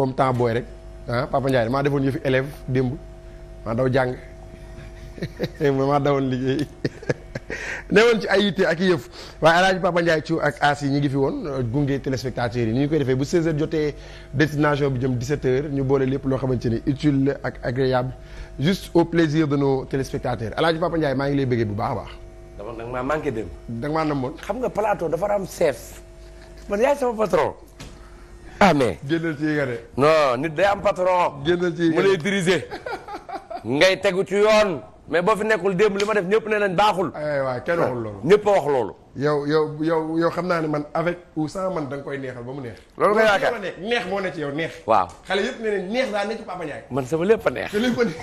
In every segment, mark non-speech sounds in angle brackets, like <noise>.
comme temps booy rek ah Papa Ndiaye damaa defoon yëfi élève démb maa daw jàng <laughs> maa dawoon liggéey <laughs> newoon ci ay yitte ak yëf waaye alaaji Papa Ndiaye ci ak aas yi ñu ngi fi woon euh, gunge téléspectateurs yi nu ñu koy defee bu 16h jotee destination bi jëm 17h ñu boole lépp loo xamante ni utile la ak agréable juste au plaisir de nos téléspectateurs alaaji Papa maa ngi lay bëggee bu baax a baax. dama nag maa manqué dem. da nga maa namoon. xam nga plateau dafa am chef ah mais génnal ci yëngate. non nit day am patron. génnal ci mu lay diriger. ngay tegu ci yoon. mais boo fi nekkul démb li ma def ñëpp nee nañ baaxul. Eh aywa kenn waxul loolu ñëpp a wax loolu. yow yow yow yow xam naa ne man avec ou sans man da nga koy neexal ba mu neex. loolu nga yaakaar neex moo ne ci yow neex. waaw xale yëpp nee nañ neex daal ne ci Papa Ndiaye. man sama lépp a neex. te lépp a neex.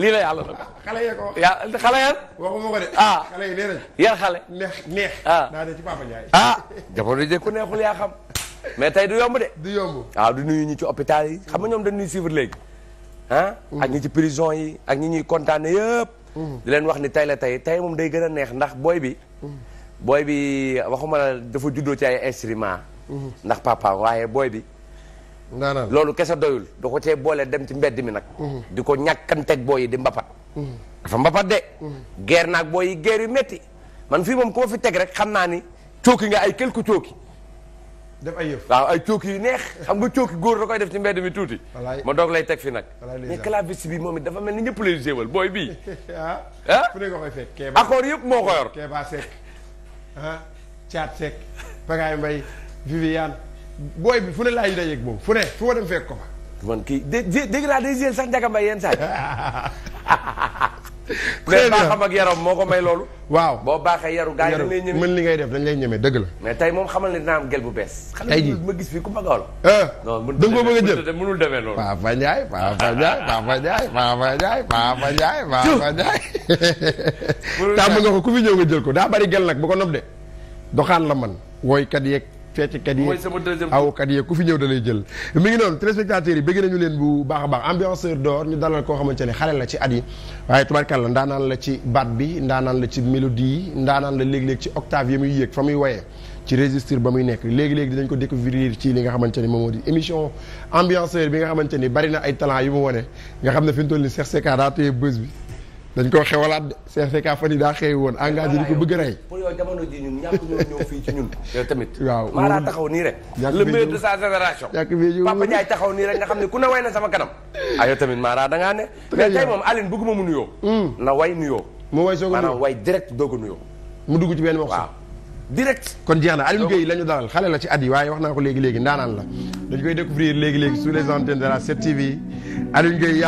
lii la yàlla nag. xale yee ko wax. yaa xale yan. waxuma ko de. ah xale yi nee nañ. yan xale. neex neex. ah daal ne ci Papa Ndiaye. ah jamono jëkku neexul yaa xam. mais tey du yomb de. du yomb waaw ah, du nuyu ñi ci hôpital yi xam nga ñoom da dañuy suivre léegi ah. ak ñi ci prison yi ak ñi ñuy kontaane yëpp. Mm. di leen wax ni tey la tey tey moom day gën a neex ndax booy bi. Mm. booy bi waxuma la dafa juddoo ci ay instruments. Mm-hmm. ndax papa waaye booy bi. loolu kese doyul da ko cee boole dem ci mbedd mi nag. Mm-hmm. di ko ñàkkanteeg booy yi di mbapat. Mm-hmm. dafa mbapat de. guerre naag booy yi guerre yu métti man fii moom ku fi teg rek xam naa ni cooki nga ay quelque cooki. def ay yëf waaw ay cooki yu neex xam nga cooki góor da koy def ci mbedd mi tuuti ma doog lay teg fi nag mais claviste bi moom it dafa mel ni ñëpp lay jéewal booy bii <laughs> ah. ah fu ne nga koy fekk accord yëpp moo ko yor Kéba Seck ah, bi fu ne laay dajeeg moom fu ne fu dem fekk ko fa man kii dé dégg naa day jéel sax Ndiaga yenn saa <laughs> <laughs> mais baaxam ak yaram moo ko may loolu. waaw boo baaxee yaru gaa yi lay ñeme mën li ngay def dañ lay ñeme dëgg la. mais tey moom xamal ne naam am gel bu bees. tey jii ma gis fii ku ma gaaw la. Eh, non da nga ko bëgg a jël mënul demee noonu. Papa Ndiaye Papa Ndiaye Papa Ndiaye nga ko ku fi ñëw nga jël ko daa bari gel nag bu ko nob de doxaan la man wooykat yeeg fecckat yi awkat yi ku fi ñëw dalay jël mi ngi noonu téléspectateurs yi bëgg nañu leen bu baax baax ambianceur d'or ñu dalal koo xamante ne xale la ci at yi waaye tubaarkàlla ndaanaan la ci baat bi ndaanaan la ci mélodie yi ndaanaan la léeg-léeg ci octave yi muy yéeg fa muy woyee ci registre ba muy nekk léegi-léegi dinañ ko découvrir ci li nga xamante ni moom moo di émission ambianceur bi nga xamante ni bari na ay talent yu mu wone nga xam ne fi mu ni bi dañ koo xewalaat de CFK fan yi daa xew woon engagé di ko bëgg rey. nii rek. le meilleur de sa génération. Papa Ndiaye taxaw nii rek nga xam ne ku ne way na sama kanam. ah yow tamit maa da ngaa ne. mais tey moom Aline bëgguma mu nuyoo. Hmm. na way nuyoo. mu way soog a nuyoo maanaam way direct doog a nuyoo. mu dugg ci benn wax. waaw direct. kon jeex na Alioune Gueye la ñu dalal xale la ci at yi waaye wax naa ko léegi léegi ndaanaan la dañ koy découvrir léegi léegi sous les antennes de la 7TV Alioune Gueye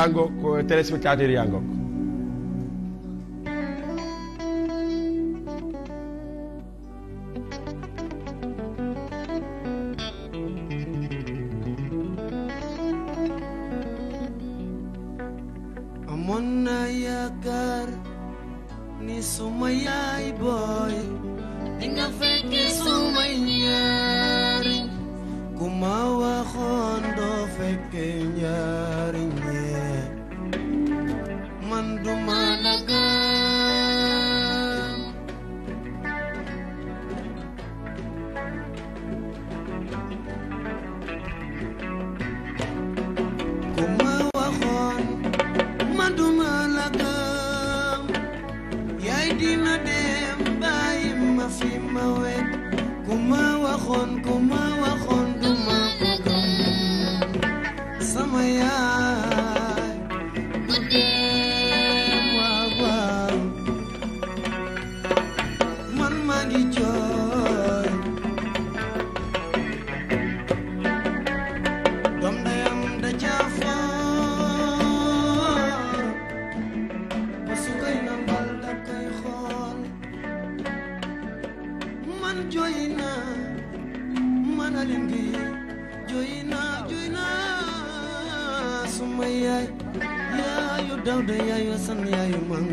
yaayu sant yaayu man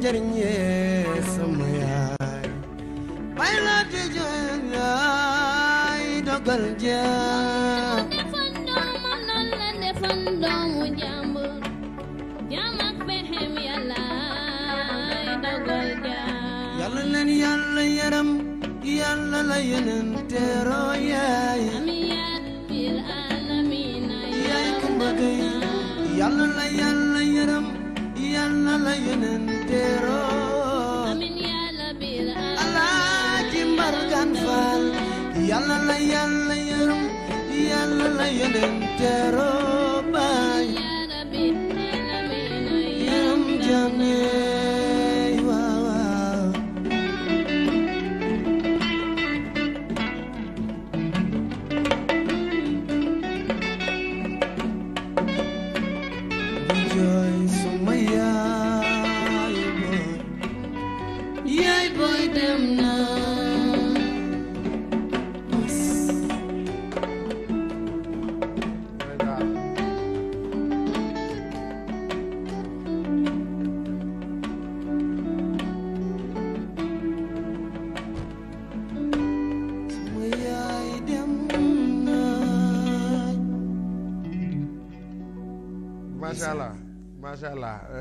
njariñ yee sama yaay bay la di jooy laay dogal jaam yàlla leen yàlla yaram yàlla la yeneen teeroo yaay yaay kumba gay yàlla la yàlla yàlla yonenteeroo alaaji mbargaan faal yàlla la yàlla yërëm yàlla la yonenteeroo baay yërëm jaam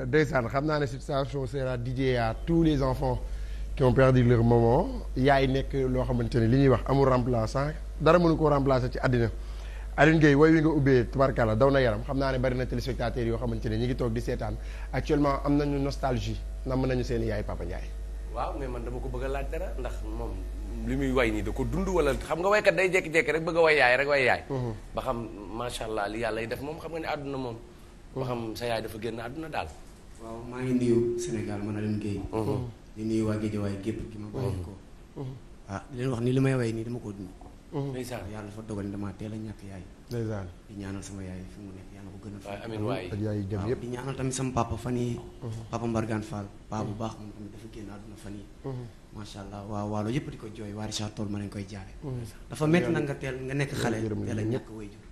ndeysaan xam naa ne situation sera dédiée à tous les enfants qui ont perdu leur maman yaay nekk loo xamante ni li ñuy wax amul remplaçant dara mënu ko remplacer ci àddina Aline Gueye wooy wi nga ubbee tubarkalla daw na yaram xam naa ne bari na téléspectateurs yoo xamante ne ñu ngi toog di seetaan actuellement am nañu nostalgie nam nañu seen yaay Papa Ndiaye waaw mais man dama ko bëgg laaj dara ndax moom li muy way nii da ko dund wala xam nga waykat day jékki rek bëgg a way yaay rek way yaay mhm. ba xam macha allah li yàlla def moom xam nga ne àdduna moom ba xam sa dafa génn àdduna daal waaw maa ngi nuyu Sénégal man Alioune Guèye. Mhm. di nuyu waa Guédiawaye gépp gi ma bàyyi mhm. ko. Mhm. ah di leen wax ni li may way nii dama ko dund. ndeysaan yàlla dafa dogal ni damaa teel a ñàkk yaay. ndeysaan di ñaanal sama yaay fi mu nekk yàlla ko a. amiin waay ak yaay dem yëpp di ñaanal tamit sama papa fan yii. papa Mbargane Fall paa bu baax moom tamit dafa génn àdduna fan yii. macha allah waaw waalo a way jur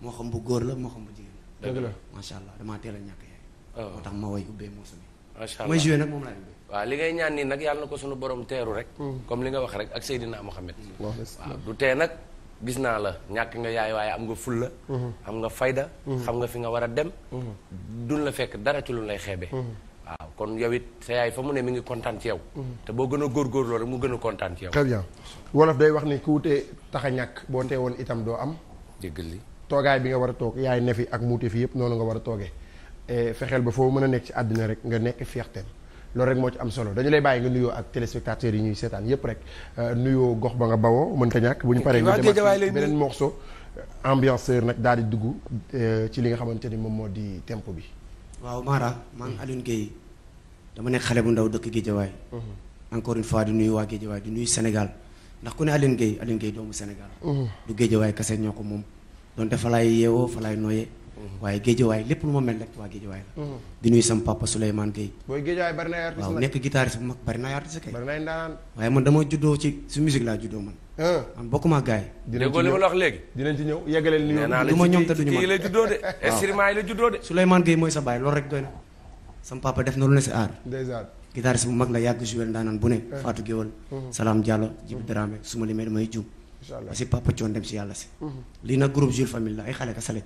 moo xam bu góor la moo xam bu jigéen la. dëgg allah damaa teel a ñàkk Oh. moo tax ma way ubbee morceau bi. macha allah mooy joué nag moom laay ubbee. waaw li ngay ñaan nii nag yàlla na ko suñu borom teeru rek. Hmm. comme li nga wax rek ak Seydina Mohamed. Hmm. waaw du tee nag gis naa la ñàkk nga yaay waaye am nga fulla hmm. am nga fayda. xam nga fi nga war a dem. duñ la fekk dara ci lu lay xeebe. waaw kon yow it sa yaay fa mu ne mu ngi kontaan ci yow. te boo gën a góorgóorloo rek mu gën a kontaan ci yow. très bien wolof day wax ni ku wutee tax a ñàkk boo teewoon itam doo am. dégg li toogaay bi nga war a toog ak muute fi yëpp nga war a toogee. et eh, fexeel ba foo mën a nekk ci àddina rek nga nekk fierté loolu rek moo ci am solo dañu lay bàyyi nga nuyoo ak téléspectateurs yi ñuy seetaan yépp rek eh, nuyoo gox ba nga bawoo mënta ñàkk bu ñu paree nga dem beneen morceau ambianceur daal di dugg eh, ci li nga xamante ni moom moo di tempo bi waaw maa man Alioune Gueye dama nekk xale bu ndaw dëkk Guédiawaye mhm. encore une fois di nuyu waa Guédiawaye di nuyu Sénégal ndax ku ne Alioune Gueye Alioune Gueye doomu Sénégal mhm. du Guédiawaye kese ñoo ko moom doon te fa yeewoo fa laay nooyee waaye géejawaay lépp lu ma mel rek waa géejawaay la mhm. di nuyu sama papa Souleymane Gueye booy géejawaay bari na ay artiste waaw nekk guitariste bu mag bari na ay artiste kay waaye man dama juddoo ci su musique laa juddoo man ah. man bokkuma gars la wax léegi dinañ ci ñëw yeggaleel ni du ma ñoom te duñu ma la juddoo de instrument <laughs> yi la juddoo de Souleymane Gueye mooy sa baay loolu rek doy na sama papa def na lu ne si aar guitariste bu mag la yàgg joué ndaanaan bu ne ah. Fatou Guewal mhm. Salam Diallo Djibi Dramé mhm. su ma limee damay juum parce papa coon dem si yàlla si lii nag groupe Jules Famille la ay xale ka salet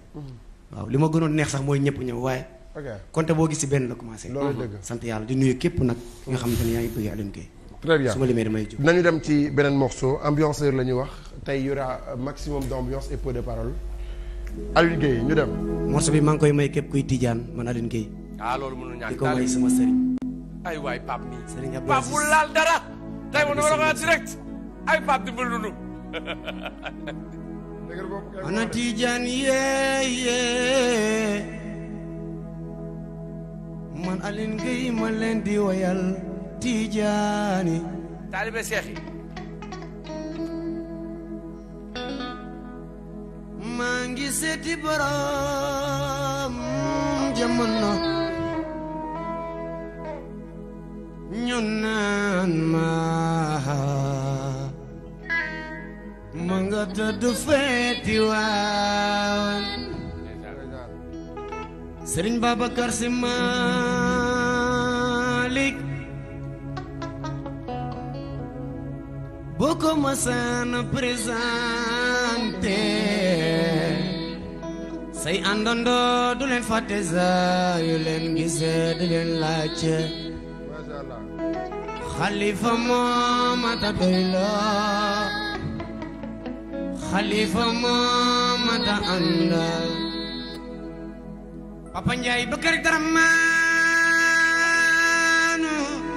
waaw li ma gënoon neex sax mooy ñëpp ñëw waaye. ok konte boo gis si benn la commencé. loolu mhm. dëgg sant yàlla di nuyu képp nag. nga xamante ne yaa ngi bëgg Alioune Gueye. très bien su ma nañu dem ci beneen morceau ambianceur la ñuy wax tey y aura maximum d'ambiance et peu de parole Alioune Gueye ñu dem. morceau bi maa ngi koy may képp kuy tijaan man Alioune Gueye. ah loolu mënul ñàkk di ko may sama sëriñ. ay waay Pape mi sëriñ Abdou Aziz laal dara. tey ma ne ma la direct ay Pape dimbali <laughs> ana tiijaan yee man Alioune Gueye ma leen di woyal tiijaani seex yi maa ngi seeti borom jamono ñu ma nga tëdd Si Maalik boo ko masaan présenté say àndandoo du leen fàtte saa leen gisee du leen laajte xalifa moo ma ta doy xalifa mamata anda papa njaay ba kër dara maanu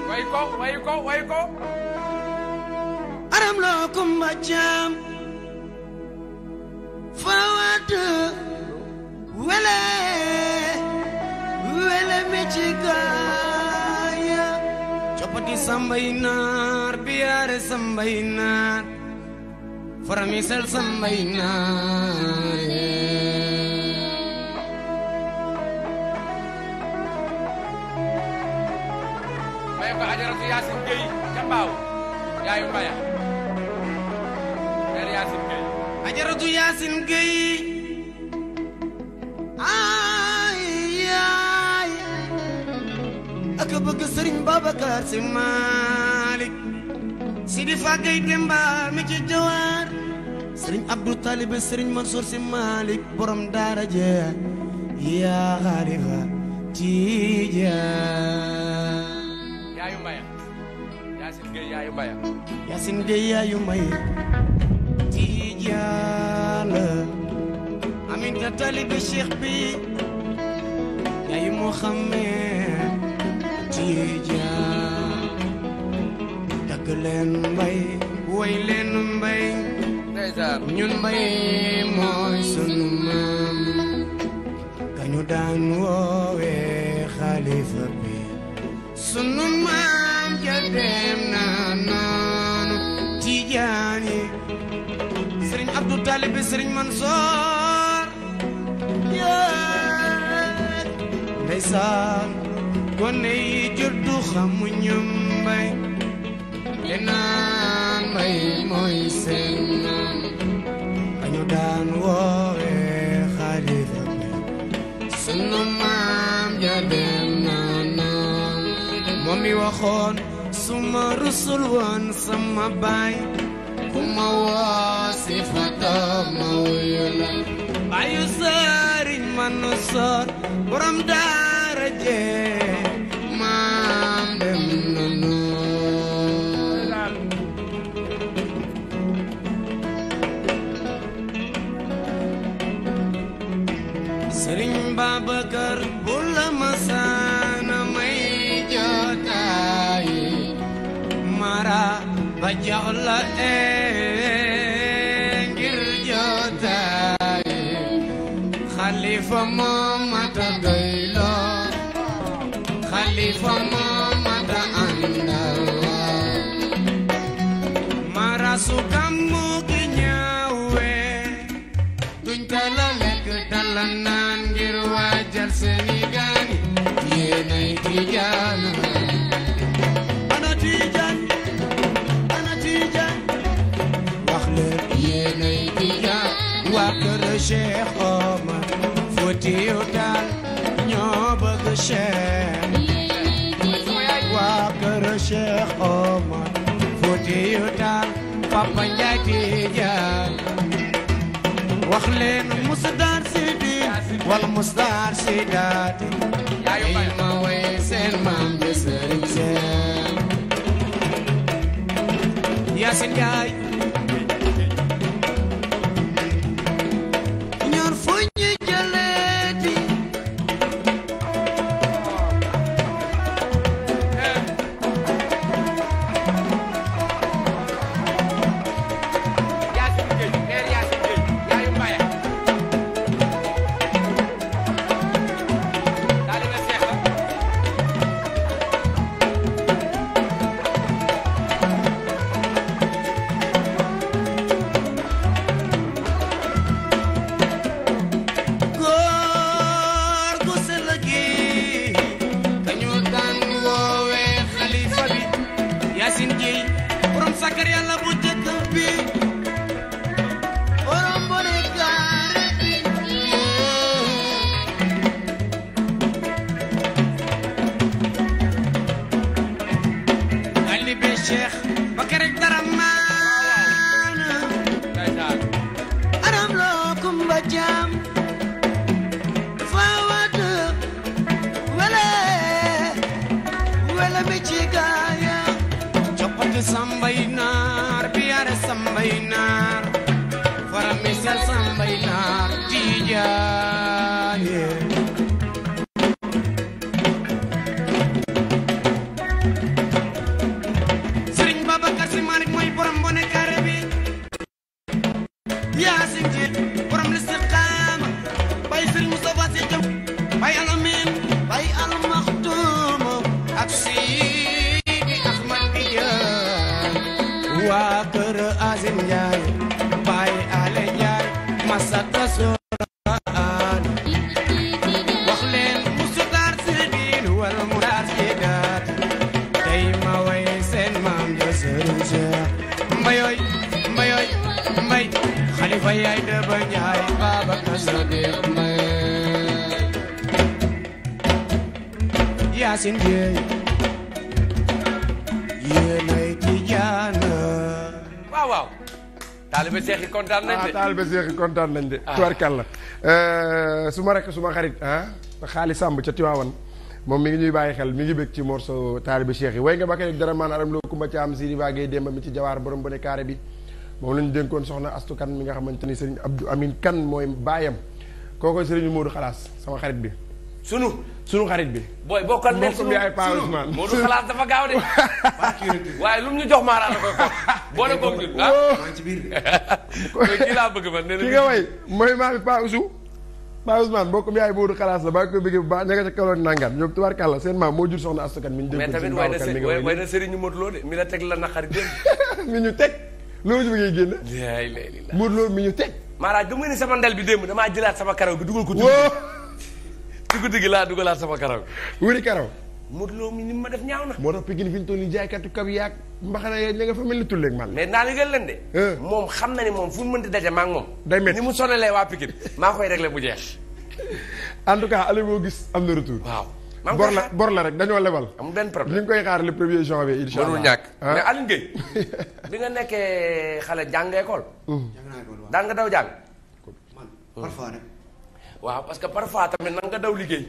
way ko way ko way ko aram loo kumba jaam fawaatu mi ci gaaya coppati sambay naar biyaare sambay naar faramisal sambay naaye ajaratu yaasin géy ca yaayu mbaya mel yaasin géy ajaratu yaasin géy ay yaay ak bëgg sëriñ mi ci jawaar sëriñ Abdou Talib sëriñ Mansour si Malick borom daara ja yaa xaalifa Tijaan. yaayu mbaya Yacine Gueye yaayu mbaya. Talib Cheikh bi yaayu Mouhamed Tijaan. dagg leen mbay woy leen. ñun mbayee maam dañu daan woowee xalifa bi sunu maam ja dem na noonu tijaan yi sëriñ Abdou Talib bi sëriñ Mansoor yéen ndeysaan gone yi juddu xamuñu mbay te naan mbay mooy waxoon suma rusul woon sama baay ku ma woo si fata ma wuyu la baayu sëriñ daara jee soxla ee ngir jotaay xalifa moo mata doy loo xalifa moo mata àndal marasu kammu gi ñaawee duñ ko la lekk dala naan ngir waajal seeni gaani yéenay tijaana waa kër Cheikh Omar Foutiyou Tall ñoo bëgg Cheikh waa kër Cheikh Omar Foutiyou Tall Papa Ndiaye Tidiane wax leen Mousdar Sidi wala Mousdar Sidati ay ma way seen maam de Serigne Cheikh Yacine Ndiaye du sambay naar biyaare sambay naar fara misal sambay naar tiijaa kontaan nañ de ah, taalibe Seex kontaan nañ de. Ah. tubarkàlla euh, su ma rek su ma xarit ah xaali Samb ca Tiwaawan moom mi ngi ñuy bàyyi xel mi ngi bëgg ci morceau taalibe Seex yi way nga ba koy dara maanaam loo kumba ci am si rivagué démb mi ci jawaar borom bu ne carré bi moom la ñu dénkoon soxna Astu Kan mi nga xamante ni Serigne Abdou Amin Kan mooy baayam kooku Serigne Modou Xalaas sama xarit bi. sunu sunu xarit bi. booy bokkal nekk sunu moo du xalaat dafa gaaw de. <laughs> waaye lu ñu jox maaraan la koy xool. boole koog ñun ah ci biir. <laughs> kii laa bëgg man nga way mooy maa fi Paa Ousou. Paa Ousmane bokkum yaay baa koy bëggee bu baax ña nga ca Kaolack nangaat ñoom tubaarkàlla seen maam moo jur soxna ñu dégg mais tamit la teg la <laughs> ñu teg loolu ci bëggee génn. yaay sama ndel bi démb damaa jëlaat sama karaw bi dugal ko. ci guddi gi laa dugalaat sama karaw wuri karaw Modou Lo mi ni ma def ñaaw na moo tax Pikine fi ñu toll nii jaaykatu kab yaag mbaxana ya ña nga fa mel ni tulleeg man mais naa liggéeyal leen de moom xam na ni moom fu ñu mënti daje maa ngi moom day métti ni mu sonalee waa Pikine bu jeex en tout cas Aliou moo gis am na retour waaw bor la bor rek dañoo lebal amul mu problème ñu ngi koy xaar le premier janvier incha allah mënul ñàkk ah. mais Aliou Gueye <laughs> bi nga nekkee xale jàng école mm. daan nga daw jàng waaw parce que parfois tamit nan nga daw liggéey.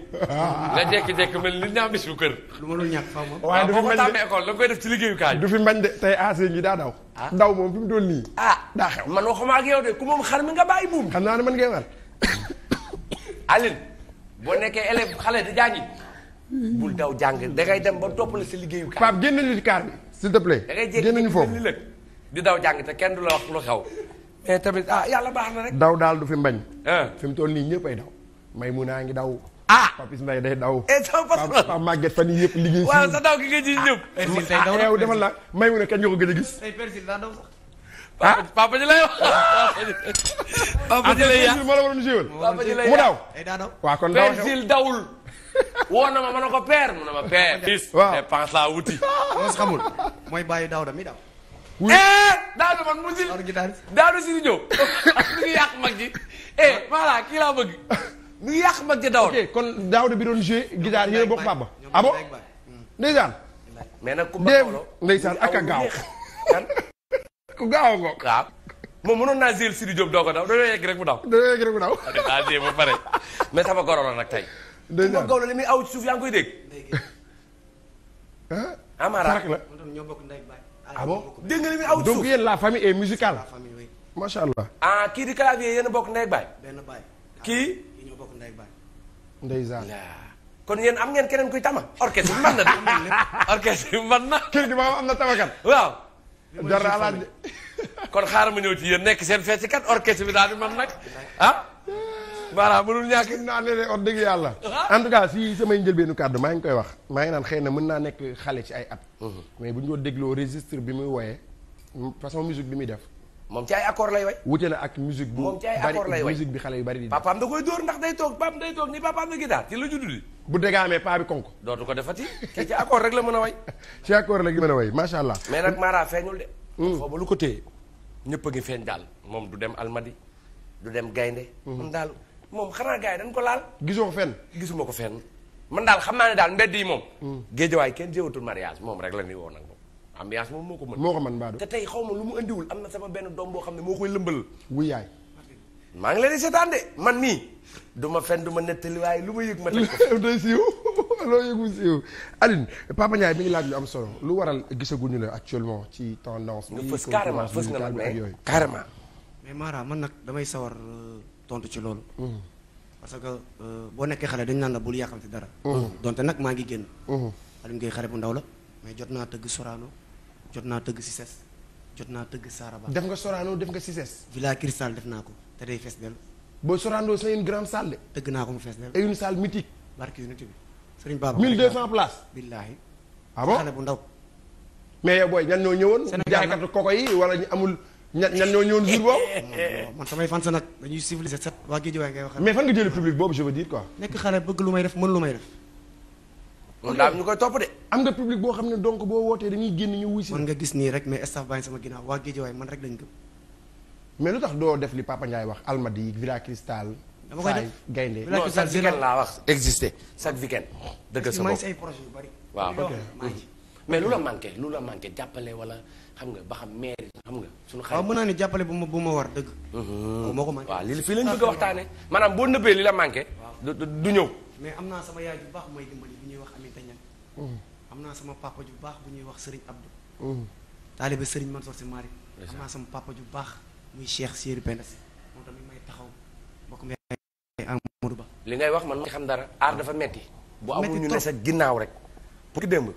nga jékki-jékki mel ni naa bis kër. lu ma dul ñàkk faaw ma. waaye du fi école def ci liggéeyukaay. du fi mbañ daa daw. Ah. daw moom fi nii. ah daa xew man waxuma ak yow de ku moom xar mi nga bàyyi nekkee élève xale di jàngi. bul daw jàng dangay dem ba topp la sa liggéeyukaay. Pape génn ñu ci kaar bi s'il te plaît. génn ñu foofu da ngay di daw jàng te kenn du la wax lu xew. mais tamit ah, yàlla baax na daw daal du fi mbañ. Ah. fi mu toll nii ñëppay daw. may mu naa ngi daw. ah Papis Mbaye daw. Eh, daw gi nga ji ñëpp. Eh, ah, persil tey daw yow may mu ne kañ ko gëj a gis. tey papa ji lay wax. papa ji lay yàq ma la waroon mu eh, daw. waaw kon na ma ma ne mu ne ma père. waaw dépense laa wuti. loolu xamul daw. wuy Daouda man mu si. Daouda si di ñëw. mi ngi yàq mag ji. eh voilà kii laa bëgg. yàq mag ji Daouda. ok kon Daouda bi doon joué guitare yéen a bokk papa. ah bon ndeysaan. mais nag ku a gaaw. <laughs> ku gaaw a ngoog. waaw moom mënoon naa zéel Sidi Diop doo ko daw dañoo yegg rek mu daw. dañoo yegg rek mu daw. ah dégg ba pare mais sama goro la nag tey. ndeysaan ku ma ah bon dégg nga li muy la famille est musicale. la famille oui. macha allah. ah kii di clavier yéen a bokk ndey baay. benn baay. kii. ñoo bokk ndey baay. ndeysaan. kon yéen am ngeen keneen kuy tama. orchestre bi mën na de. <laughs> orchestre bi na. kër gi maanaam am na tamakat. waaw. dara laaj <laughs> kon xaaral ma ñëw ci yéen nekk seen feccikat orchestre bi daal di mën nag ah. voilà mënul ñàkk ñu naan leen wax dëgg yàlla. Ah. en tout cas si samay njëlbeenu kàddu maa ngi koy wax. maa ngi naan xëy na mën naa nekk xale ci ay at. Mhm. mais bu ñu ko dégloo registre bi muy woyee façon musique bi muy def. moom ci ay accord lay way. wute na ak musique bu yu bari di. papaam da koy dóor ndax day toog papaam day toog ni papaam na guitare ci la juddu bu dégaamee paa bi konk dootu ko defati te ci accord rek la mën a way. <laughs> ci accord rek la mën a way macha allah. mais nag Mara hmm. daal moom du dem almadi du dem gaynde hmm. moom daal moom xanaa gars yi dañ ko laal. gisoo ko fenn. gisuma ko fen man daal xam naa ne daal mbedd yi moom. géejawaay kenn jéewatul mariage moom rek la ni woo nag moom. moom moo ko man moo ko mën Mbadou. te tey xaw ma lu mu indiwul am na sama benn doom boo xam ne moo koy lëmbal. wuyaay. maa ngi leen di seetaan de man nii du ma fen du ma nettali waaye lu ma yëg ma teg ko. <laughs> day siiw <laughs> loo yëg siiw Aline Papa Ndiaye mi ngi laaj lu am solo lu waral gisaguñu la actuellement ci tendance. nga fës carrément fës nga ma mais carrément. mais Mara man nag damay sawar. Euh, tontu ci loolu. Mm. parce que euh, boo nekkee xale dañu naan la bul yàqamti dara. Mm. Mm. donte nag maa ngi génn. xale bu ndaw la mais jot naa tëgg Sorano jot naa tëgg Cissesse jot naa tëgg Saraba. def nga Sorano def nga Cissesse. Villa Cristal def naa ko te day fees del boo Sorano c'est une grande salle de. tëgg naa ko mu fees del et une salle mythique. barke unité bi Serigne Baba. 1200 places. billaahi. ah bon xale bu ndaw. mais yow booy ñan ñoo ñëwoon. Sénégal jaaykatu koko yi ñan ñan ñoo ñëwoon jour boobu. <laughs> man samay sa nag dañuy civilisé set waa géej waaye ngay wax. mais fan nga jëlee public boobu je veux dire nekk xale bëgg lu may def mën lu may def. boo xam ne donc boo wootee dañuy ñu wuy si. man nga gis nii rek mais staff baa ngi lu tax doo def li Papa Ndiaye wax Almadies Villa Cristal. dama koy def gaynde non chaque weekend laa wax existé chaque weekend. dëgg sa bopp maa ngi si ay projet yu bari. waaw mais lu la manqué lu la manqué jàppale wala xam nga ba xam maire xam nga suñu xarit waaw mën naa ne jàppale bu ma bu ma war dëgg moo ko manqué waaw li fii lañ bëgg a ah, waxtaane maanaam boo nëbbee li la manqué du ñëw mais am naa sama yaay bu baax may dimbali bu ñuy wax Aminta Niang am naa sama papa ju baax bu ñuy wax Serigne Abdou taalibe Serigne Mansour Sy Malick am naa sama papa ju baax muy Cheikh Siré Penda si moom tamit may taxaw bokk may Amadou Ba li ngay wax man ma xam dara aar dafa metti bu amul ñu ne sa ginnaaw rek pour ki démb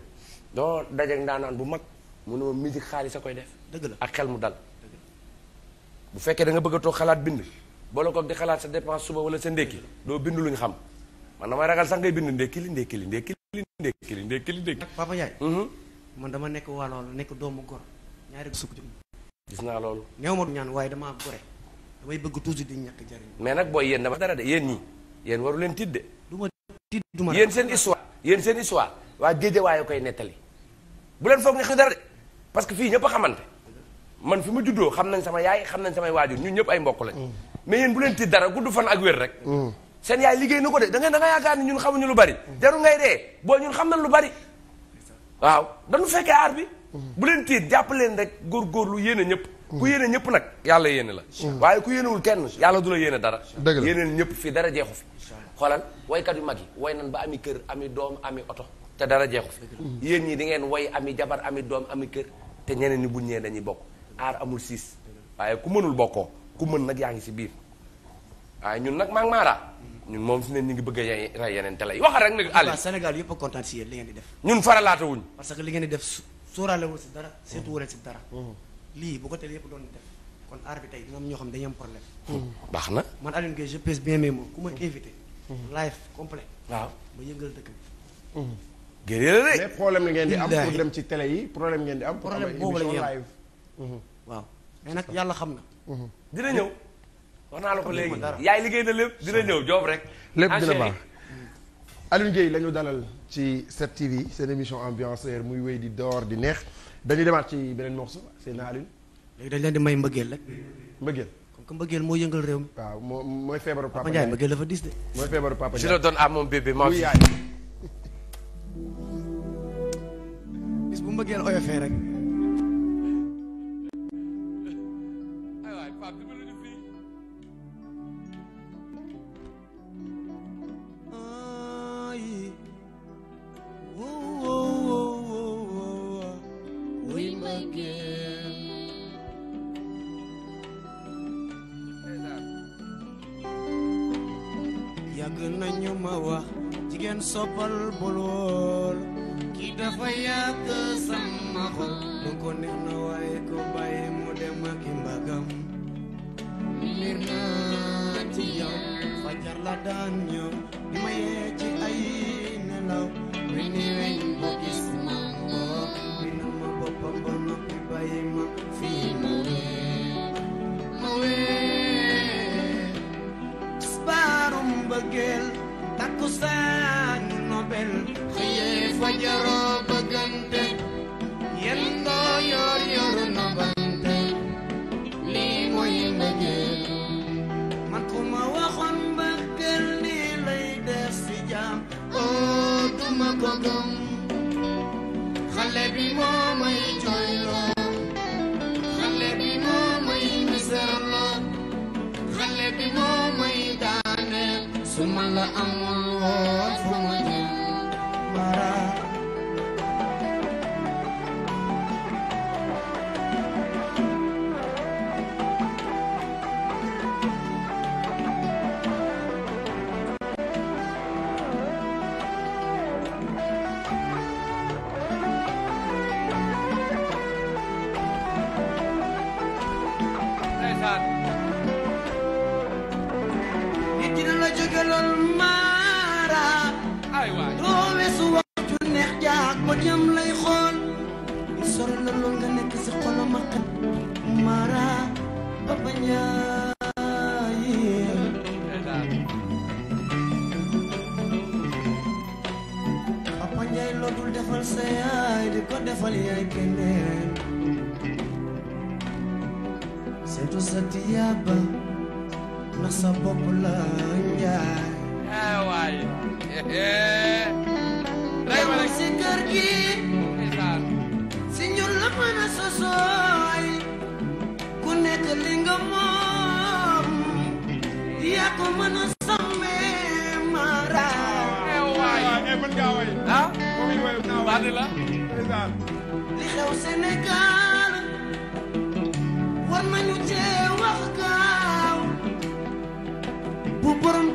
doo dajeek ndaanaan bu mu ne ma musique xaalis a koy def. dëgg la ak xel mu dal. bu fekkee da nga bëgg a toog xalaat bind. boole koog di xalaat sa dépense suba wala sa ndékki doo bind luñ xam man damay ragal sax ngay bind ndékki li ndékki li ndékki li ndékki li ndékki li ndékki. papa yaay. Mhm. man dama nekk waa loolu nekk doomu gor ñaari sukk gis naa loolu. néew ma ñaan waaye damaa gore damay bëgg toujours di ñàkk jariñ. mais nag boo yéen dama dara de yéen ñi yéen waru leen tiit du ma tiit du yéen seen histoire yéen seen histoire waa géejawaay koy nettali parce que fii ñëpp a xamante man fi ma juddoo xam nañ sama yaay xam nañ samay waajur ñun ñëpp ay mbokk lañ mais yéen bu leen tiit dara gudd fan ak wér rek seen yaay liggéey na ko de da nga da nga yaakaar ni ñun xamuñu lu bari jaru ngay dee boo ñun xam nañ lu bari waaw dañu fekkee aar bi bu leen tiit jàpp leen rek góor góorgóorlu yéene ñëpp ku yéene ñëpp nag yàlla yéene la waaye ku yéenewul kenn yàlla du la yéene dara yéeneel ñëpp fii dara jeexu fi xoolal waykat yu mag yi way nan ba ami kër ami doom ami oto te dara jeexu fi yéen ñi di ngeen way ami jabar ami doom ami kër te ñeneen ñi buñ ñee dañuy bokk aar amul siis waaye ku mënul bokkoo ku mën nag yaa ngi si biir waaye ñun nag maa ngi maaraa ñun moom su ne ñu ngi bëgg a rey yeneen télé yi waxal rek nag Aliou Sénégal yëpp a kontaan si yéen li ngeen di def ñun faralaata wuñ parce que li ngeen di def sóoraale wul si dara seetu wala si dara lii bu ko télé yëpp doon def kon aar bi tey dina am ñoo xam ne dañuy am guerrier la de. mais problème ngeen di am pour dem ci télé yi problème ngeen di am. pour am émission live waaw mais nag yàlla xam na. dina ñëw. wax naa la ko léegi yaay liggéey na lépp dina ñëw joob rek. lépp dina baax Alioune Gueye la ñu dalal ci 7TV seen émission ambiance heure muy wéy di door di neex dañuy demaat ci beneen morceau seen Alioune. léegi dañ leen di may mbëggeel rek. mbëggeel. comme mbëggeel moo yëngal réew mi. waaw moo mooy feebaru papa Ndiaye mbëggeel dafa dis de. mooy feebaru papa Ndiaye je le donne à mon bébé ma fille. bis bu mbëggeel oyofee rek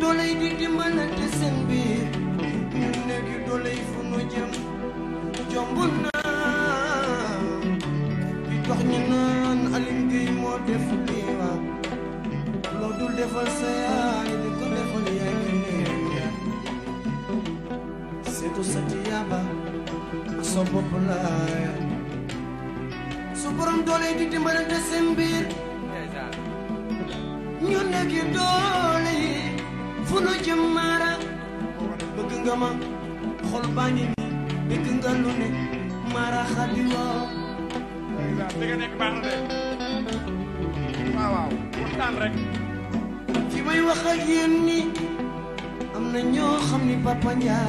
dooley ñu nekk dooley fu nu jëm jomb naa di dox ñu naan Aliou Gueye moo def lii loo dul defal sa yaay di ko ñu nekk dool fu nu jëm maara bëgg nga ma xol baa ngi nii dégg ne maara xadi waaw na de waaw waaw waxtaan rek fi may wax ak am na ñoo xam ni Papa ñi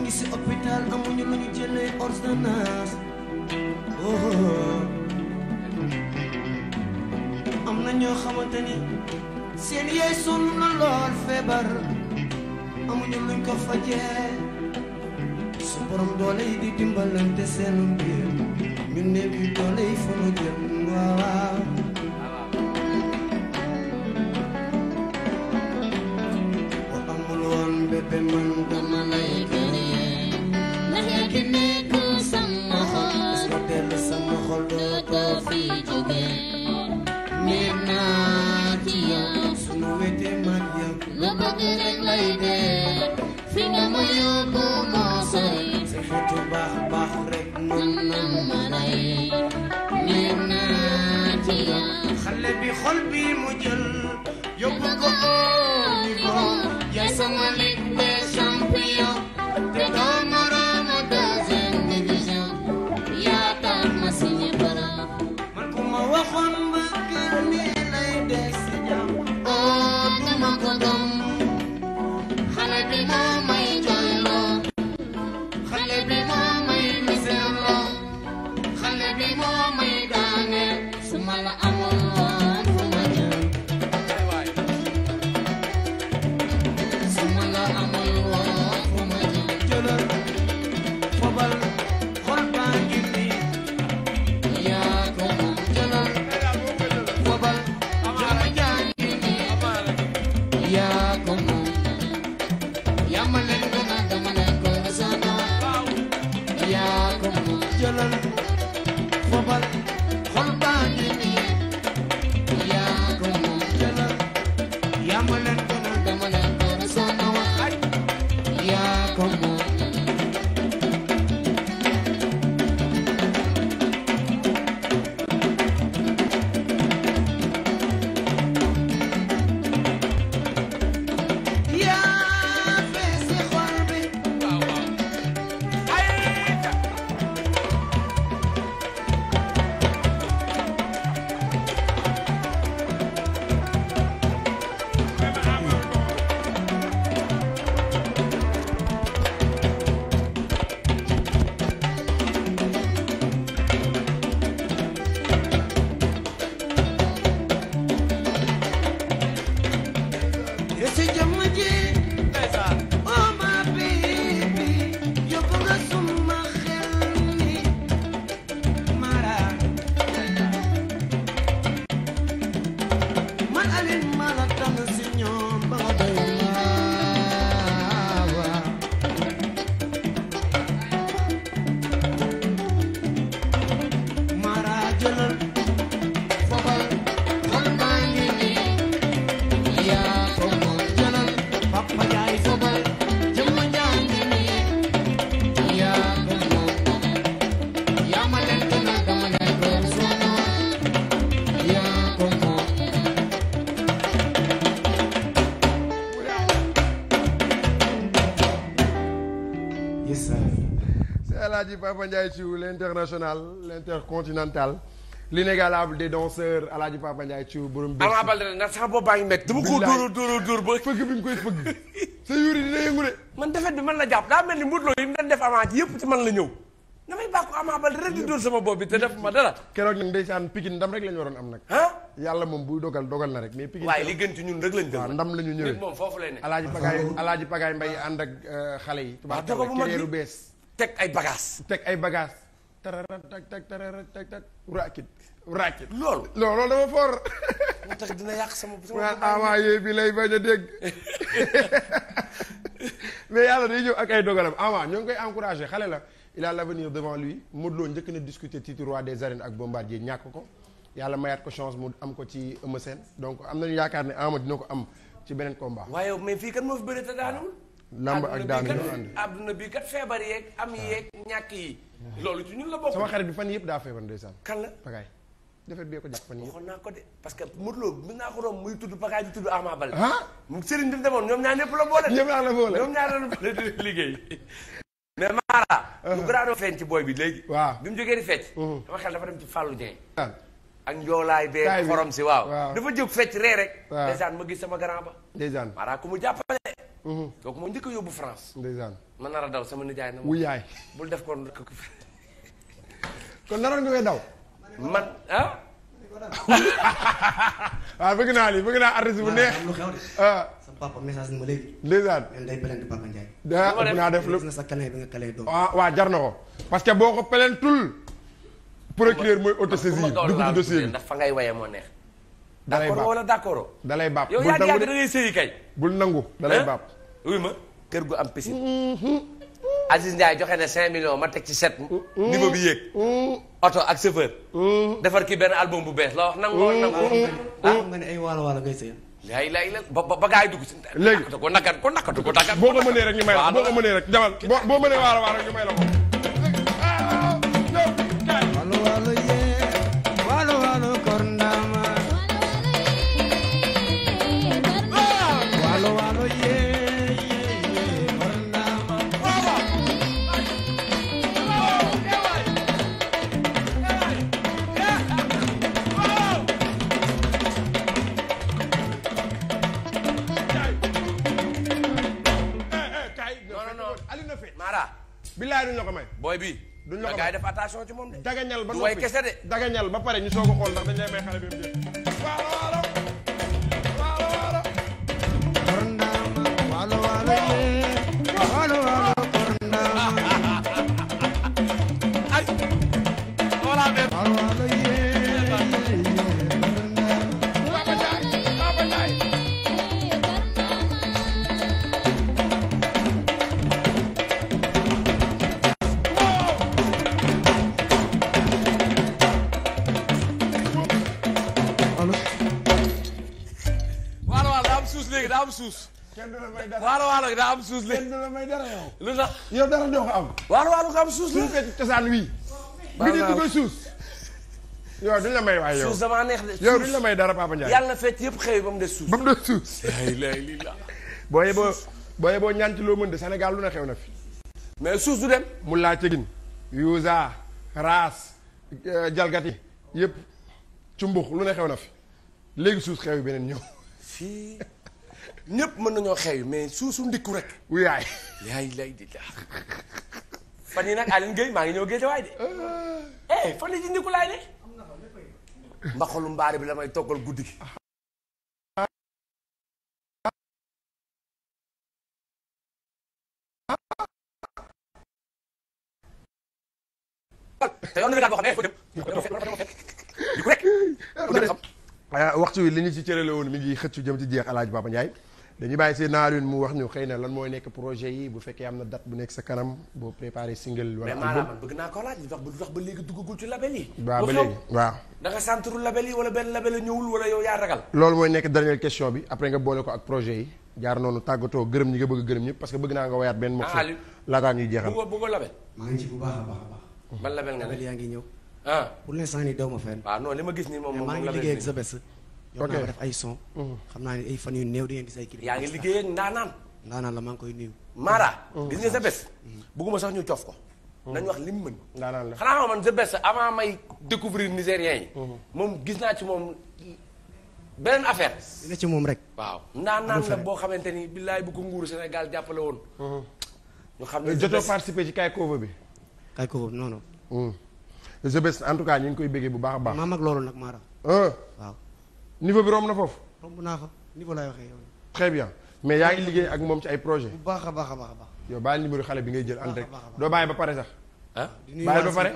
ngi si hôpital amuñu lu ñu jëlee ordonnance oh, oh, oh. am na ñoo xamante seen yaay sonn na lool feebar amuñu luñ ko fajee su borom doole yi di dimbalante seen biir ñu ne doole yi fa mu jëm waawaaw wa amul woon bébé man dama lay gërëm ndax yaa ngi nekk sama xol sama xol bi rek lay dee fi nga ma yóbbu moo sori si xeetu baax baax rek mën na ma rey mer naa ci xale bi xol bi mu jël El Hadji Papa Ndiaye Thiou l'international l'intercontinental l'inégalable des danseurs El Hadji Papa Ndiaye Thiou borom bi. Ama Baldé nag sax boobu baa ngi métti. dama ko dóor dóor dóor ba. fëgg bi mu koy fëgg. sa yuur yi dina yëngu de. man defet bi man na jàpp daa mel ni mbuutloo yi mu doon def avant ci yëpp ci man la ñëw. damay bàkku Ama Baldé rek di dóor sama bopp bi te def ma dara. keroog nag ndeysaan Pikine ndam rek la ñu waroon am nag. yàlla moom buy dogal dogal na rek. mais li gën ci ñun lañ dem. waaw ndam ñu ñëwee nit moom foofu lay ne. Alaaji Pagaay Alaaji Pagaay Mbay ànd ak euh, xale yi. tubaab bu bees teg ay bagages. teg ay bagages. tarara tak tak tarara tak tak raakit raakit. loolu loolu dafa fort. moo tax dina yàq sama. <laughs> sama amaa bi lay bañ a dégg <laughs> mais yàlla day ñëw ak ay dogalam amaa ñoo ngi koy encouragé xale la il a l'avenir devant lui Modou Lo njëkk na discuter titre roi de arènes ak Bombardier ñàkk ko yàlla mayaat ko chance mu am ko ci Eumeu Sène donc am nañu yaakaar ne Ama dina ko am ci beneen combat. waaye mais fii kan moo fi bëri te daanul. làmb ak daanu ñu bi kat feebar yeeg am yeeg ñàkk yi loolu ci ñun la bokk sama xarit bi fan yëpp daa feebar ndeysaan kan la pagaay defet bee ko jàpp fan yëpp waxoon naa ko de parce que Modou Lo mën naa ko romb muy tudd pagaay di tudd Ama Baldé ah? ñoom ñaar ñëpp la boole ñoom ñaar la boole ñoom ah. ci booy bi léegi waaw bi mu jógee di fecc sama xel dafa dem ci Fallou Dieng ah. si waaw dafa jóg fecc ree rek ndeysaan ma gis sama grand ba ku mu jàppale Mhm. moo njëkk a yóbbu France. ndeysaan ma nar a daw sama nijaay na ma. wuyaay bul def kon. kon naroon nga koy daw. man ah. <laughs> waaw bëgg naa lii bëgg naa artiste bu neex. ah sa papa message ma léegi. ndeysaan. day pelente papa naa def lu gis na sa kale nga kale doom. waaw jar na ko parce que boo ko pelentul. procureur mooy autosaisir dugg ci dossier bi dafa ngay waye moo neex. dalay bàpp wala d'accord dalay bàpp yow yaa ngi da ngay sëyi kay. bul nangu dalay bàpp. wuy ma kër gu am piscine. Mm-hmm. Aziz Ndiaye joxe na 5 million ma teg ci 7. Mm-hmm. niveau bi yéeg. Mm-hmm. oto ak chauffeur. defar ki benn album bu bees la nangu ah, xam nga ay waalo waalo ngay sëy. yaay laay la ba ba gaay dugg si. léegi ko nakkat ko nakkat ko boo ko mënee rek ñu may la boo ko mënee rek jamal boo boo mënee waalo waalo ñu may la ko. billaay duñ la ko may. booy bi du la ko may gars yi def attention ci moom de. dagañal ba noppi kese de. dagañal ba pare ñu soog a xool ndax dañ lay may xale bi mu dee. waalo waalo waalo waalo. xam suus la kenn du la may dara yow. lu tax yow dara doo ko am. waaw waaw ko am suus la suuf feeg cosaan wi. waaw waaw koy suus. yow duñ la may waaye yow suus damaa neex de. dara Papa Ndiaye. yàlla na yëpp xëy ba mu des suus. ba boo yeboo boo yeboo ñaan ci loo mën de Sénégal lu na xew na fi. mais suus du dem. mu laa cegin. yuusa raas. Eh, jalgati yëpp. cumbux lu ne xew na fi. léegi suus xew yi beneen ñëw. ñépp mën nañoo xeeyu mais suusu ndikku rek. yaay yaay lay di laax. fan yii nag Aline maa ngi ñëw géej waay eh, mbaari bi la toggal guddi gi. te yoon na nga xam ne waxtu wi li ñu ci cërale woon mi ngi xëccu jëm ci jeex El Hadj Papa dañu bàyyi seen naalun mu wax ñu xëy na lan mooy nekk projet yi bu fekkee am na date bu nekk sa kanam boo préparé single. wala ba léegi duggagul ba léegi waaw. da nga label yi wala benn label la ñëwul wala yow yaa ragal. loolu mooy nekk dernière question bi après nga boole ko ak projet yi jaar noonu tàggatoo gërëm ñi nga bëgg gërëm ñëpp parce que bëgg naa nga wayaat benn. ah Aliou laataa ñuy jeexal bu ko label. maa ngi baax a baax a baax. ban label ngi ñëw. ah pour l'instant nii daw ah, ma fenn. waaw non yow naa def ay son. Mm. xam naa ne ay fan yu néew di ngeen gis ay clip. yaa ngi liggéey ngi koy nuyu. Mara. Mm. gis nga sa bés. Mm. sax ñu coof ko. nañ wax li mu mën. ndaanaan la xanaa man sa bés avant may découvrir nigérien yi. moom gis naa ci moom beneen affaire. dina ci moom rek. waaw ndaanaan la boo xamante ni billaay bu ko nguuru Sénégal jàppale woon. Mm-hmm. ñu xam ne euh, jotoo participer ci kaay bi. kaay kooba bi non tout cas ñu ngi koy béggee bu baax a baax. maam ak loolu nag Mara. Euh. waaw. niveau bi romb na foofu. romb naa fa niveau laay waxee yow. très bien mais yaa ngi liggéey ak moom ci ay projet bu baax a baax a baax a baax. yow bàyyi numéro xale bi ngay jël ànd rek doo bàyyi ba pare sax. ah bàyyi ba pare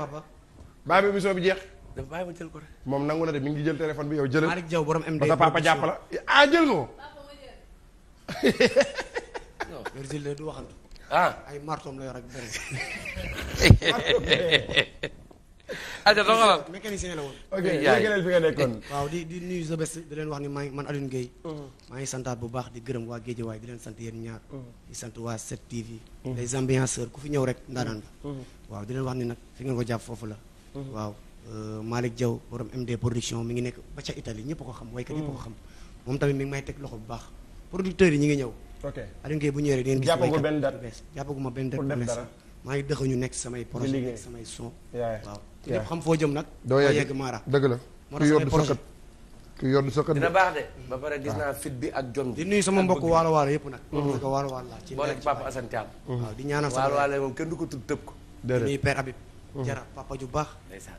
bàyyi ba émission bi jeex. dafa bàyyi ma jël ko rek. moom nangu na de mi ngi jël téléphone bi yow jëlal. Malick Diaw borom MD. ba sa papa jàpp la ah jël ko. <laughs> non Virgile du waxantu. ah ay martoom la yor ak bëri. <laughs> aja la woon. ok eh, waaw di di nuyu sa bés di leen wax ni maa ngi man Alioune Gueye. Mm. maa ngi santaat bu baax di gërëm waa Guédiawaye di leen sant yéen ñaar. Mm. di sant waa 7TV. Mm. les ambianceurs ku fi ñëw rek ndaanaan la. waaw di leen wax ni nag fi nga ko jàpp foofu la. waaw euh, Malick Diaw borom MD production mi ngi nekk ba ca Italie ñëpp ko xam. waykat ñëpp ko xam moom tamit mi ngi may teg loxo bu baax producteurs yi ñu ngi ñëw. ok Alioune Gueye bu ñëwee rek di ngeen gis. jàppaguma benn date jàppaguma benn maa ngi dëxañu nekk samay projet samay son waaw ñëpp xam foo jëm nag. doo yegg maara dëgg la. moo tax samay projet ku yor du dina baax de. ba pare gis fit bi ak jom. di nuyu sama mbokk waalo waalo yëpp nag. Mm-hmm. parce que waalo waalo laa ci boole papa Assane Thiam. Mm-hmm. waaw di ñaanal moom kenn du ko tudd tëb ko. déedéet di nuyu père Habib. Mm-hmm. jara papa ju baax.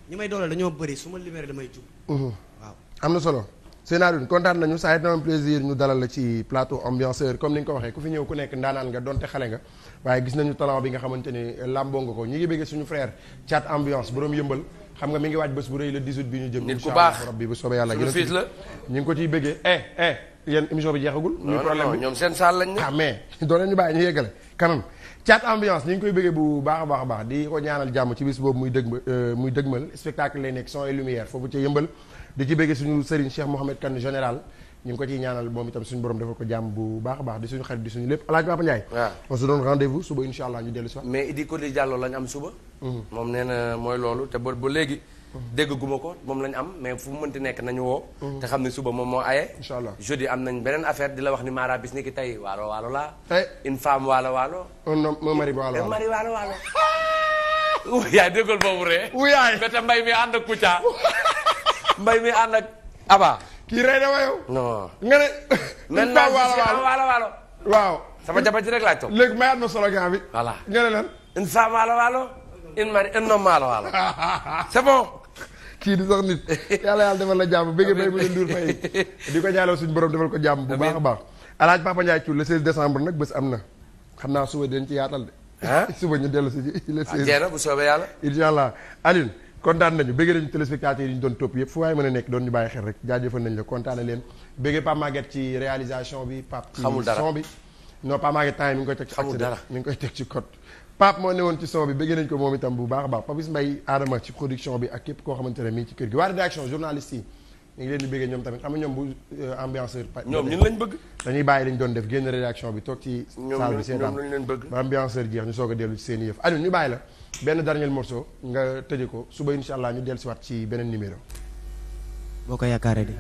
ñi may doole dañoo bëri su ma libéré damay jub. waaw am na solo. Sénarine kontaan nañu ça a été un plaisir ñu dalal la ci plateau ambianceur comme ni nga ko waxee ku fi ñëw ku nekk ndaanaan nga donte xale nga. waaye gis nañu talent bi nga xamante ni euh, làmboo nga ko ñu ngi bëggee suñu frère Thiat ambiance borom yëmbal xam nga mi ngi waaj bu rëy la 18 bi ñu jëm incha allah rabbi bu soobee yàlla gën ngi ko ciy bëggee eh eh yéen émission bi jeexagul ñuy problème bi ñoom seen saal lañ ne ah mais <laughs> doo leen ñu bàyyi ñu yeggale kanam Thiat ambiance ñu ngi koy bëggee bu baax baax a baax di ko ñaanal jàmm ci bis boobu muy dëg euh, muy dëgmal spectacle lay nekk son et lumière foofu ca yëmbal di ci bëggee suñu Serigne Cheikh Mohamed Kane général ñu ngi ko ciy ñaanal moom itam suñu borom defal ko jàmm bu baax a baax di suñu xarit di suñu lépp alaaj Papa Ndiaye waaw on se donne rendez-vous suba insha ñu dellu si mais Idi Codé Diallo lañ am suba mm-hmm. moom nee na mooy loolu te ba ba léegi mm-hmm. dégg guma ko moom lañ am mais fu mu mënti nekk nañu woo mm-hmm. te xam ne suba moom moo aye incha allah jeudi am nañ beneen affaire di la wax ni maara bis ni ki tey waalo waalo la une femme waalo waalo un homme un mari waalo waalo mari waalo waalo wuyaay <laughs> déggul boobu ree wuyaay bete mbay mi mi ànd ak Aba kii rey na ma yow. non nga ne. nan <laughs> naa ma solo gaa bi. voilà nga ne lan. une saa waalo waalo. une mari un homme waalo waalo. <laughs> c'est bon. di sax nit yàlla yàlla defal la jàmm bëgg bay mu leen duur fay di ko ñaanal suñu borom defal ko jàmm bu baax a baax. alaaj Papa Ndiaye Thioune le 16 décembre nag bés am na xam naa suba dinañ ci yaatal de. <laughs> suba ñu dellu si ci le 16. ah jeex na bu soobee yàlla. incha allah Alioune. kontaan nañu bëggee nañu téléspectateurs yi ñu doon topp yëpp fu waaye mën a nekk doon ñu bàyyi xel rek jaajëfal nañ la kontaane leen bëggee Pape Maguette ci réalisation bi Pape ci son bi non Pape Maguette temps yi ngi koy teg ci xamul dara mi ngi koy teg ci code Pape moo woon ci son bi bëggee nañ ko moom itam bu baax a baax Papis Mbaye Adama ci production bi ak képp koo xamante ne mii ci kër gi waa rédaction journaliste yi ñu ngi leen di bëggee ñoom tamit am na ñoom bu euh, ambianceur. ñoom ñun lañ bëgg. dañuy bàyyi lañ doon def génn rédaction bi toog ci. salle seetaan ñoom lañ leen bëgg. ba ambianceur jeex ñu soog a dellu ci seen yëf Aliou ñu bàyyi la benn dernier morceau nga tëje ko suba incha allah ñu dellusiwaat ci beneen numéro. boo ko yaakaaree de.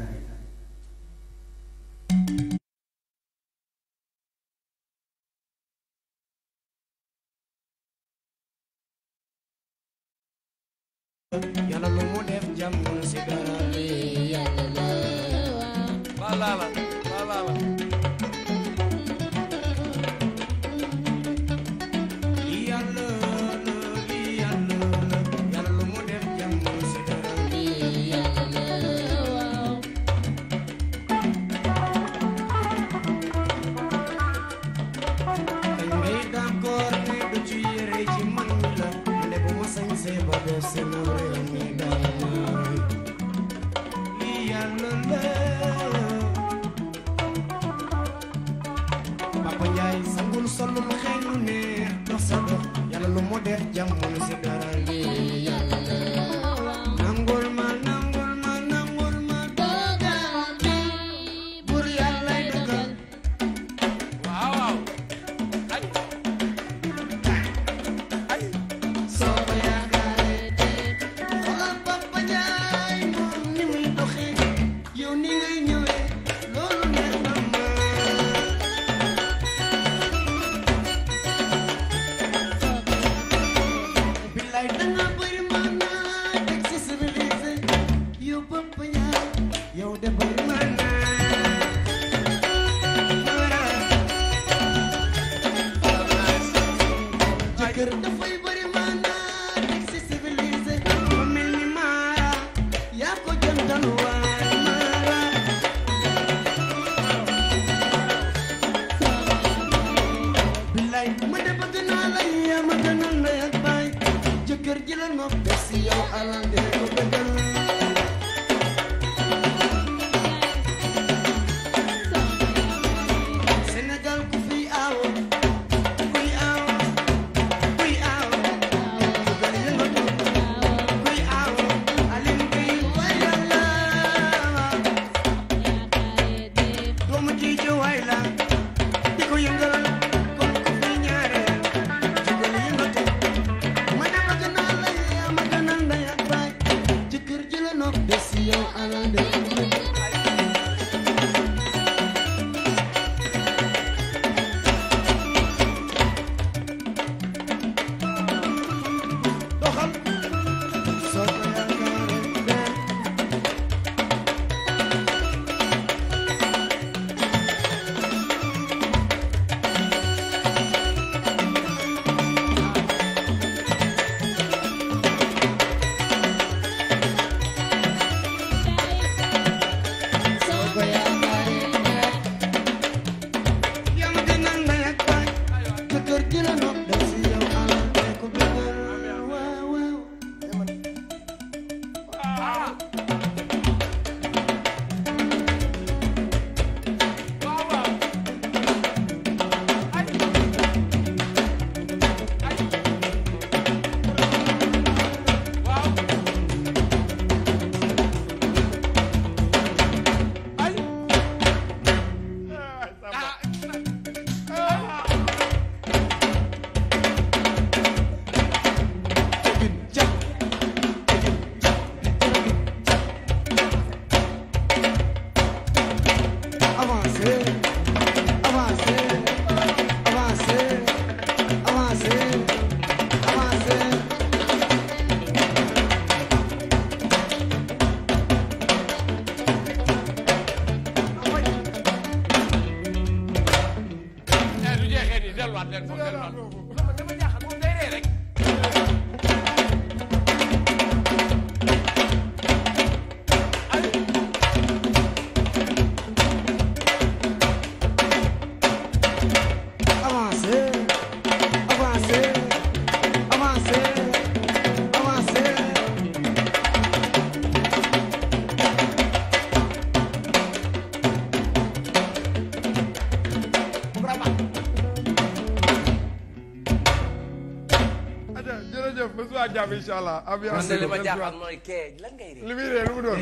voilà ambiance li ma jaaxal mooy kee lan ngay li muy ree lu mu doon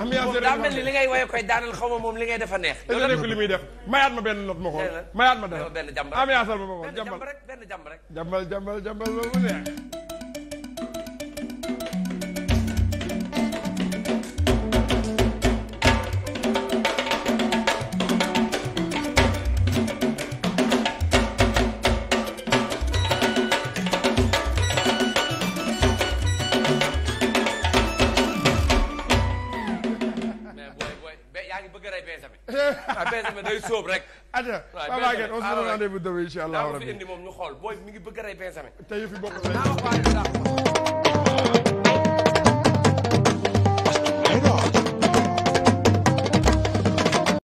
ambiance daa mel ni li ngay woye koy daanal xaw ma moom li ngay defa neex ko li muy def mayaat ma benn not ma xool mayaat ma dara ambiance ma ma xool jàmbal jàmbal jàmbal jàmbal loolu mu neex aja baba ngeen on se donne rendez-vous demain incha allah rabbi indi moom ñu xool booy mi ngi bëgg a rey Benjamin te yëf yi bokk